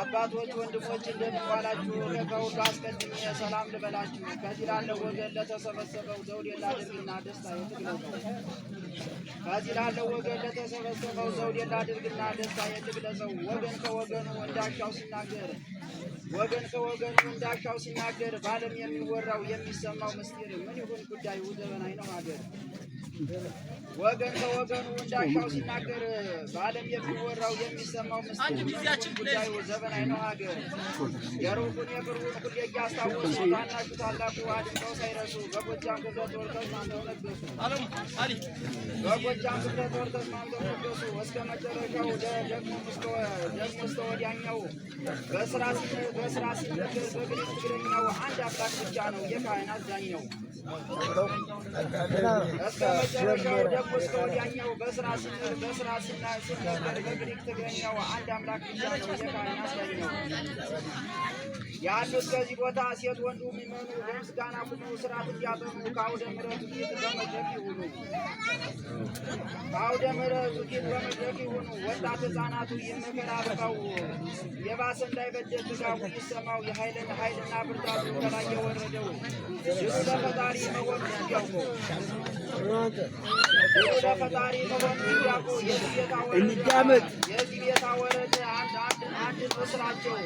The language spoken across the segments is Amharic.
አባቶች ወንድሞች፣ እንደምንዋላችሁ ከሁሉ አስቀድሜ ሰላም ልበላችሁ። ከዚህ ላለው ወገን ለተሰበሰበው ዘውድ የላድርግና ደስታ የትግለው ከዚህ ላለው ወገን ለተሰበሰበው ዘውድ የላድርግና ደስታ የትግለሰው ወገን ከወገኑ እንዳሻው ሲናገር ወገን ከወገኑ እንዳሻው ሲናገር በዓለም የሚወራው የሚሰማው ምስጢር ምን ይሁን ጉዳዩ ዘመናዊ ነው ሀገር ወገን ከወገኑ እንዳሻው ሲናገር በዓለም የሚወራው የሚሰማው ምስጢር ጉዳዩ ዘመናዊ ነው ሀገር የሩቁን የቅርቡን ሁሌ እያስታወሱ ታናሹ ታላቁ አድምጠው ሳይረሱ በጎጃም ክፍለ ጦር ተስማምተው ነገሱ። በጎጃም ክፍለ ጦር ተስማምተው ነገሱ። እስከ መጨረሻው ደግሞ እስከ ወዲያኛው በስራ ሲነግር በግል ትግረኛው አንድ አምላክ ብቻ ነው የካህናት ዳኛው እስከ መጨረሻው ደግሞ ወዲያኛው በስራ ስንል በስራ ስንነበር በግሪክ ትግርኛው አንድ አምላክ ብቻ ነው የሚያስገኘው። ያሉት በዚህ ቦታ ሴት ወንዱ የሚመኑ በምስጋና ቁመው ስርዓት እንዲያጠኑ ከአውደ ምሕረቱ ፊት በመድረክ ይሁኑ። ከአውደ ምሕረቱ ፊት በመድረክ ይሁኑ። ወጣት ሕፃናቱ የመከራ ርቀው የባሰ እንዳይበደል ትጋቡ ይሰማው። የኃይልን ኃይልና ብርታቱ ከላይ የወረደው ድሉ ለፈጣሪ መሆኑን ያውቁ። እንዳመጥ የዚህ ቤታ ወረድ አንድ ነው ስራቸው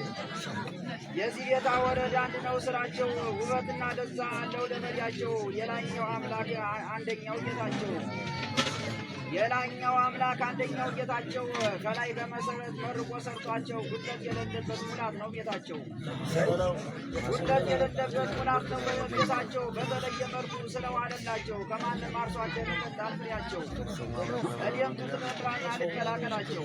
የዚህ ቤታ ወረዳ አንድ ነው ስራቸው ውበትና ደስታ አለው ለነዳቸው የላይኛው አምላክ አንደኛው ጌታቸው የላኛው አምላክ አንደኛው ጌታቸው ከላይ በመሰረት መርቆ ሰርቷቸው ጉድለት የሌለበት ሙላት ነው ጌታቸው ጉድለት የሌለበት ሙላት ነው ጌታቸው በተለየ መልኩ ስለዋለላቸው ከማንም አርሷቸው የመጣ ፍሬያቸው እዲየምቱ ትትመጥራና ልከላከላቸው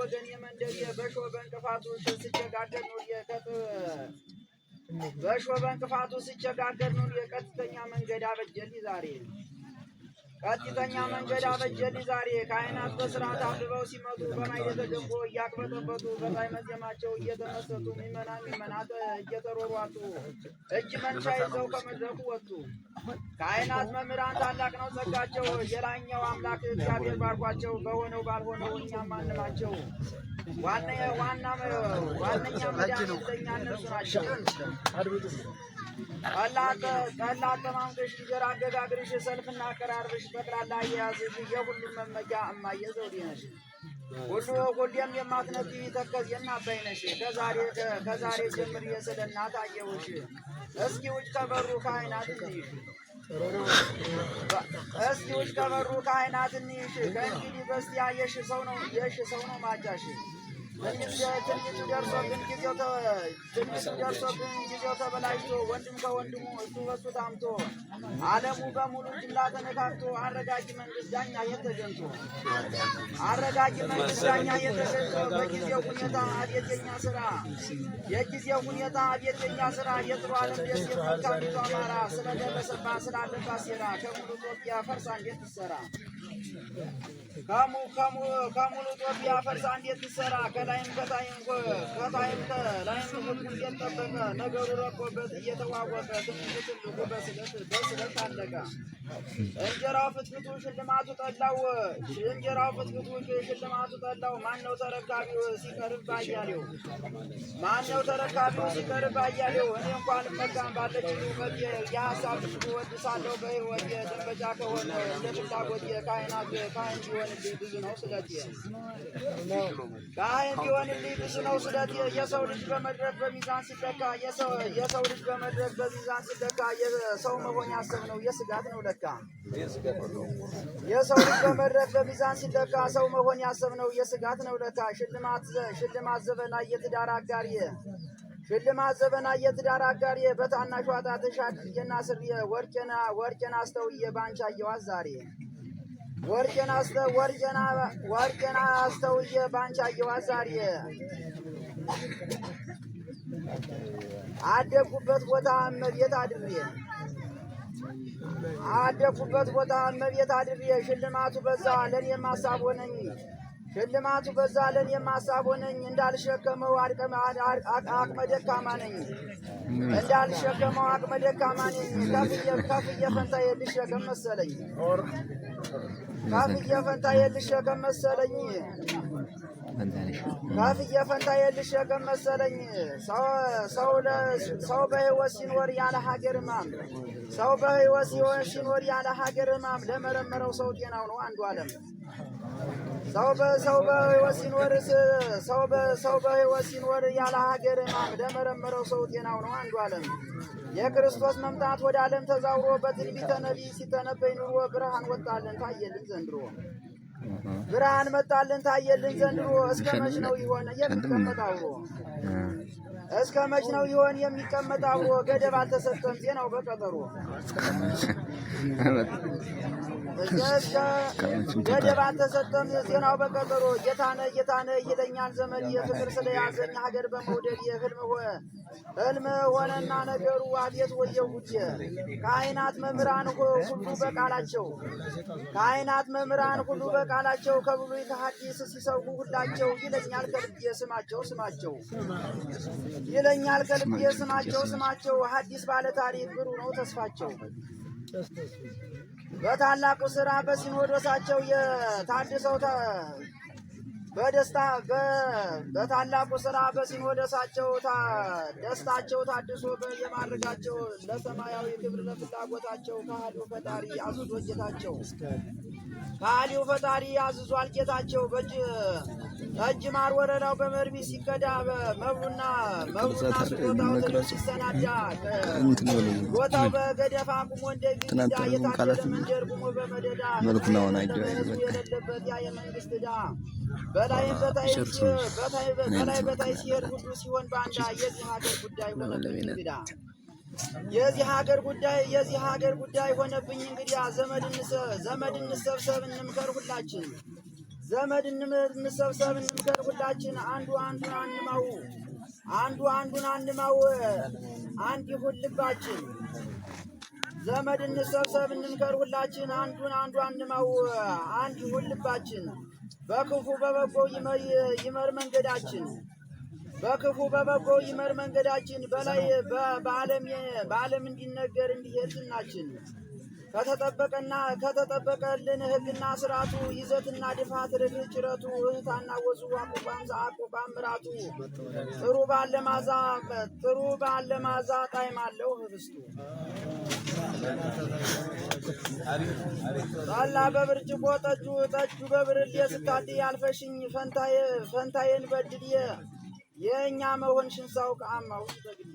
ወገኔ መንደሬ በሾ በእንቅፋቱ ስቸጋገር ነው የቀጥ በሾ በእንቅፋቱ ስቸጋገር ነው የቀጥተኛ መንገድ አበጀልኝ ዛሬ ቀጥተኛ መንገድ አበጀልኝ ዛሬ። ካህናት በስርዓት አብበው ሲመጡ በማይሌተ ገንቦ እያቅበጠበጡ በጣዕመ ዜማቸው እየተመሰጡ ምዕመናን ምዕመናት እየተሯሯጡ እጅ መንሻ ይዘው ከመድረኩ ወጡ። ካህናት መምህራን ታላቅ ነው ጸጋቸው፣ የላይኛው አምላክ እግዚአብሔር ባርኳቸው። በሆነው ባልሆነው እኛ ማንላቸው፣ ዋነኛ መድኃኒት ነው እነርሱ ናቸው። ጠላ አጠማምቀሽ፣ እንጀራ አገጋግርሽ፣ ሰልፍና አቀራርብሽ፣ ጠቅላላ አያያዝሽ የሁሉም መመኪያ እማዬ ዘውዴ ነሽ። ሁሉ ሁሌም የማትነፊ ተከዝ የናባይ ነሽ። ከዛሬ ጀምር የስለ እናት አየሁሽ። እስኪ ውጭ ከበሩ ከአይናት እንይሽ፣ እስኪ ውጭ ከበሩ ከአይናት እንይሽ። ከእንግዲህ በስቲያ የሽ ሰው ነው ማጫሽ ትንቢቱ ደርሶብን ጊዜው ትንቢቱ ተበላሽቶ ወንድም ከወንድሙ እሱ በሱ ታምቶ ዓለሙ በሙሉ ጅምላ ተነካክቶ አረጋጊ መንግስት ዳኛ የተገኝቶ አረጋጊ መንግስት ዳኛ የተገኝቶ በጊዜው ሁኔታ አቤተኛ ስራ የጊዜው ሁኔታ አቤተኛ ስራ የጥሩ ዓለም ደስ የመልካሚቱ አማራ ስለደረሰባት ስላለባት ሴራ ከሙሉ ኢትዮጵያ ፈርሳ እንዴት ትሰራ ከሙሉ ኢትዮጵያ ፈርሳ እንዴት ትሰራ ከላይም ከታይም ከታይም ከላይም ሁሉ እየጠበቀ ነገሩ ረቆበት እየተዋወቀ ትንሹ በስለት በስለት አለቀ። እንጀራው ፍትፍቱ ሽልማቱ ጠላው እንጀራው ፍትፍቱ ሽልማቱ ጠላው። ማነው ተረካቢው ሲቀርብ አያሌው ማነው ተረካቢው ሲቀርብ አያሌው። እኔ እንኳን መካም ባለች እውቀት የሀሳብ ልቡ ወድሳለሁ በህይወት የዘንበጃ ከሆነ እንደ ፍላጎት የካህናት ካህን ቢሆንልኝ ብዙ ነው ስለቴ ቢሆንልኝ ብዙ ነው ስለት የሰው ልጅ በመድረክ በሚዛን ሲለካ የሰው ልጅ በመድረክ በሚዛን ሲለካ የሰው መሆን ያሰብ ነው የስጋት ነው ለካ የሰው ልጅ በመድረክ በሚዛን ሲለካ ሰው መሆን ያሰብ ነው የስጋት ነው ለካ ሽልማት ዘበና የትዳር አጋሪ ሽልማት ዘበና የትዳር አጋሪ በታናሿ ጣትሽ አድርጌና ስርዬ ወርቄና ወርቄና አስተውዬ ባንቻ አየዋት ዛሬ ወርቄን አስተውዬ ባንቺ አየኋት ዛሬ። አደኩበት ቦታ እመቤት አድሬ አደኩበት ቦታ እመቤት አድሬ ሽልማቱ በዛ ለእኔም ሀሳብ ሆነኝ። ሽልማቱ በዛ ለን የማሳብ ሆነኝ እንዳልሸከመው አቅመ ደካማ ነኝ እንዳልሸከመው አቅመ ደካማ ነኝ። ከፍ እየፈንታ የልሸከም መሰለኝ ከፍ እየፈንታ የልሸከም መሰለኝ ከፍ እየፈንታ የልሸከም መሰለኝ። ሰው በህይወት ሲኖር ያለ ሀገር ማም ሰው በህይወት ሲኖር ያለ ሀገር ማም ለመረመረው ሰው ጤናው ነው አንዱ አለም ሰው በሰው በህይወት ሲኖር ሰው በሰው በህይወት ሲኖር ያለ ሀገር ማምደ መረመረው ሰው ጤናው ነው አንዱ ዓለም የክርስቶስ መምጣት ወደ ዓለም ተዛውሮ በትንቢተ ነቢይ ሲተነበይ ኑሮ ብርሃን ወጣልን ታየልን ዘንድሮ ብርሃን መጣልን ታየልን ዘንድሮ እስከ መች ነው ይሆን የሚቀመጣው? እስከ መች ነው ይሆን የሚቀመጣው? ገደብ አልተሰጠም ዜናው በቀጠሮ ገደብ አልተሰጠም ዜናው በቀጠሮ ጌታነ ጌታነ ይለኛል ዘመን የፍቅር ስለያዘኝ ሀገር በመውደድ የህልም ህልም ሆነና ነገሩ አቤት ወየው ጉጄ ከአይናት መምህራን ሁሉ በቃላቸው ከአይናት መምህራን ሁሉ በቃላቸው ከብሉይ ከሐዲስ ሲሰው ሁላቸው ይለኛል ከልቤ ስማቸው ስማቸው ይለኛል ከልቤ ስማቸው ስማቸው ሐዲስ ባለ ብሩ ነው ተስፋቸው በታላቁ ስራ በሲኖዶሳቸው የታድሰው በደስታ በታላቁ ስራ በሲኖዶሳቸው ደስታቸው ታድሶ የማድረጋቸው ለሰማያዊ ክብር ለፍላጎታቸው ከሃሊው ፈጣሪ አዝዞ ጌታቸው ከሃሊው ፈጣሪ አዝዟል ጌታቸው በእጅ ጠጅ ማር ወረዳው በመርቢ ሲቀዳ ቦታው በገደፋ ቁሞ እንደ ግዳ ቁሞ በመደዳ የሌለበት ያ የመንግስት ዳ በላይ በታይ ሲሄድ ሁሉ ሲሆን የዚህ ሀገር ጉዳይ ሆነ ግዳ የዚህ ሀገር ጉዳይ የዚህ ሀገር ጉዳይ ሆነብኝ እንግዲያ ዘመድ እንሰብሰብ እንምከር ሁላችን ዘመድ እንሰብሰብ፣ እንምከር። ሁላችን አንዱ አንዱን አንማው፣ አንዱ አንዱን አንማው፣ አንድ ይሁን ልባችን። ዘመድ እንሰብሰብ፣ እንምከር። ሁላችን አንዱን አንዱ አንማው፣ አንድ ይሁን ልባችን። በክፉ በበጎ ይመር መንገዳችን በክፉ በበጎ ይመር መንገዳችን በላይ በዓለም እንዲነገር እንዲሄድ ዝናችን ከተጠበቀና ከተጠበቀልን ሕግና ስርዓቱ ይዘትና ድፋት ርድህ ጭረቱ እህታና ወዙ አቁቋም ዘአቁቋም ምራቱ ጥሩ ባለማዛ ጥሩ ባለማዛ ጣዕም አለው ህብስቱ ጠላ በብርጭቆ ጠጁ ጠጁ በብርሌ ስታድ ያልፈሽኝ ፈንታየን በድድየ የእኛ መሆን ሽንሳው ከአማሁ ተግዬ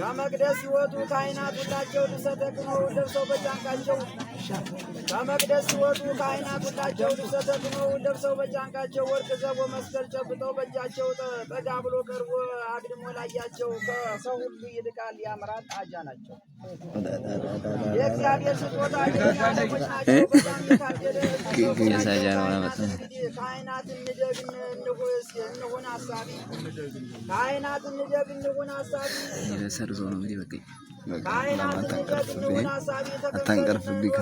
ከመቅደስ ይወጡ ካህናት ሁላቸው ልብሰ ተክህኖ ለብሰው በጫንቃቸው ከመቅደስ ይወጡ ካህናት ሁላቸው ልብሰ ተክህኖ ለብሰው በጫንቃቸው ወርቅ ዘቦ መስቀል ጨብጠው በእጃቸው ጠጋ ብሎ ቀርቦ አግድሞ ላያቸው ከሰው ሁሉ ይልቃል ያምራል አጃላቸው የእግዚአብሔር ስጦታ ናቸው። ጨርሰው ነው እንግዲህ በቃ አታንቀርፍብኝ አታንቀርፍብኝ